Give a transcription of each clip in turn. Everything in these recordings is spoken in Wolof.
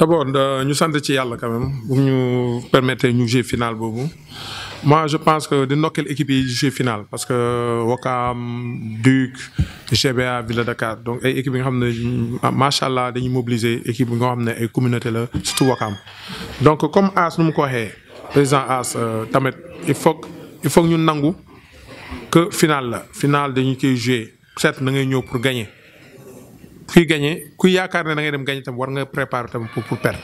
D'abord, nous sommes de Yalla quand même, pour nous permettre de jouer final. Moi, je pense que de notre équipe qui jouer final, parce que euh, Wakam, Duc, GBA, Villa de Dakar, donc équipe qui ont Machallah, de mobiliser, équipe qui ont là c'est tout Wakam. Donc, comme As nous le président As, euh, Tamet, il faut, il faut que nous nangu que final, final de nous jouer, certes, nous pour gagner kuy gagné kuy yaakaar ne da ngay dem gagné tam war nga préparer tam pour pour perdre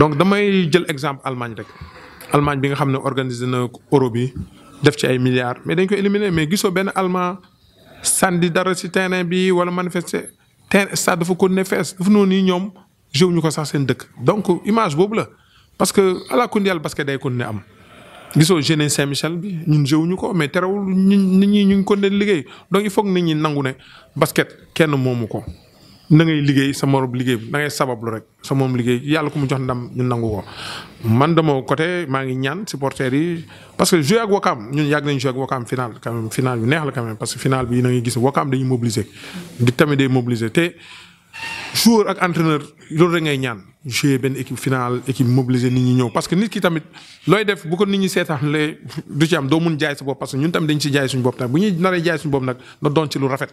donc damay jël exemple Allemagne rek Allemagne bi nga xam ne organisé na euro bi def ci ay milliards mais dañ ko éliminer mais gisoo benn allemand sandi dara ci terrain bi wala manifester terrain stade dafa ko ne fees dafa noonu nii ñoom joué ñu ko sax seen dëkk donc image boobu la parce que ala kundi yàlla basket day kon ne am. gisoo Jeunet Saint-Michel bi ñun jëw ñu ko mais terewul nit ñi ñu ngi ko leen liggéey donc il faut que nit ñi nangu ne basket kenn moomu ko. na ngay liggéey sa morom liggéey na ngay sabablu rek sa moom liggéey yàlla ku mu jox ndam ñu nangu ko. man de mon côté maa ngi ñaan supporters yi parce que jouer ak Wakaam ñun yàgg nañ jouer ak Wakaam final quand même final yu neex la quand parce que final bi na gis Wakaam dañuy mobiliser. di tamit day mobiliser te joueur ak entraîneur loolu rek ngay ñaan jouer benn équipe finale équipe mobiliser nit ñi ñëw parce que nit ki tamit looy def bu ko nit ñi seetaanlee du ci am doo mun jaay sa bopp parce que ñun tamit dañ ci jaay suñu bopp nag bu ñuy naree jaay suñu bopp nag na doon ci lu rafet.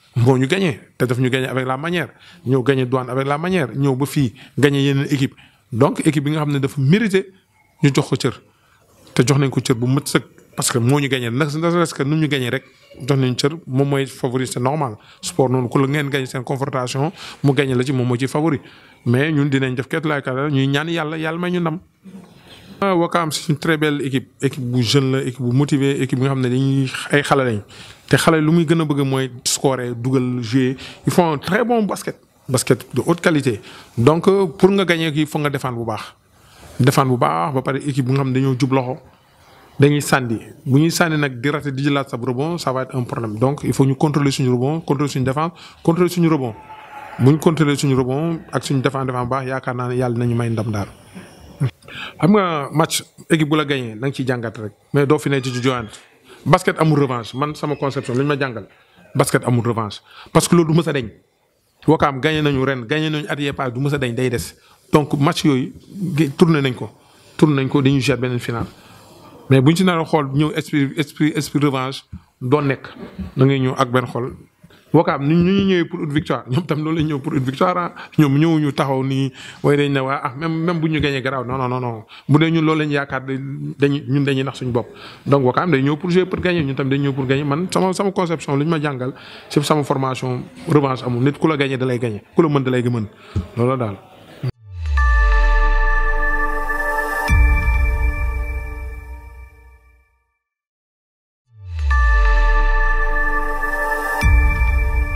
moo ñu gañee te daf ñu gagné avec la manière ñëw gagné douane avec la manière ñëw ba fii gagné yeneen équipe donc équipe bi nga xam ne dafa mérité ñu jox ko cër te jox nañ ko cër bu mët sëkk parce que moo ñu gagné nag ne serait-ce que nu ñu gañee rek jox nañ cër moom mooy favori c'est normal sport noonu ku la ngeen gagné seen confrontation mu gagné la ci moom moo ci favori mais ñun dinañ def képp laay ñuy ñaan yàlla yàlla may ñu nam Ah, Wakaam c'est une très belle équipe équipe bu jeune la équipe bu motivée équipe bi nga xam dañuy ay xale lañ te xale lu muy gëna bëgg moy scorer dugal jouer ils font un très bon basket basket de haute qualité donc euh, pour nga gagner il faut nga défendre bu baax défendre bu baax ba pare équipe bu nga xam ne dañoo jub loxo dañuy sandi bu ñuy sànni nak di raté di jëlaat sa rebond ça va être un problème donc il faut ñu contrôler suñu rebond contrôler suñu défense contrôler suñu rebond bu ñu contrôler suñu rebond ak suñu défense défense bu baax yaakaar naa ne yàlla nañu may ndam daal. am nga match équipe bu la gagné na nga ciy jàngat rek mais doo fi ne ci joyante basket amul revanche man sama conception lañ ma jàngal basket amul revanche parce que loolu du mës a deñ wakaam gagné nañu ren gagné nañu at yee paas du mës a deñ day des donc match yooyu tourné nañ ko tourné nañ ko dañuy jet beneen final mais bu buñ ci nar a xool ñëw esprit esprit esprit revanche doo nekk da ngay ñëw ak benn xool Wakaam ni ñu ñëwee ñu une victoire ñoom tam loolu la ñëw pour une victoire ah ñoom ñëwuñu taxaw nii waaye dañ ne waa ah même même bu ñu gañee garaaw non non non bu dee ñun loolu lañ yaakaar dañuy ñun dañuy nax suñu bopp. donc Wakaam day ñëw pour jouer pour gagner ñun tam pour gagner man sama sama conception li ñu ma jàngal ci sama formation revanche amul nit ku la gagné da lay gagné ku la mën da lay mën daal.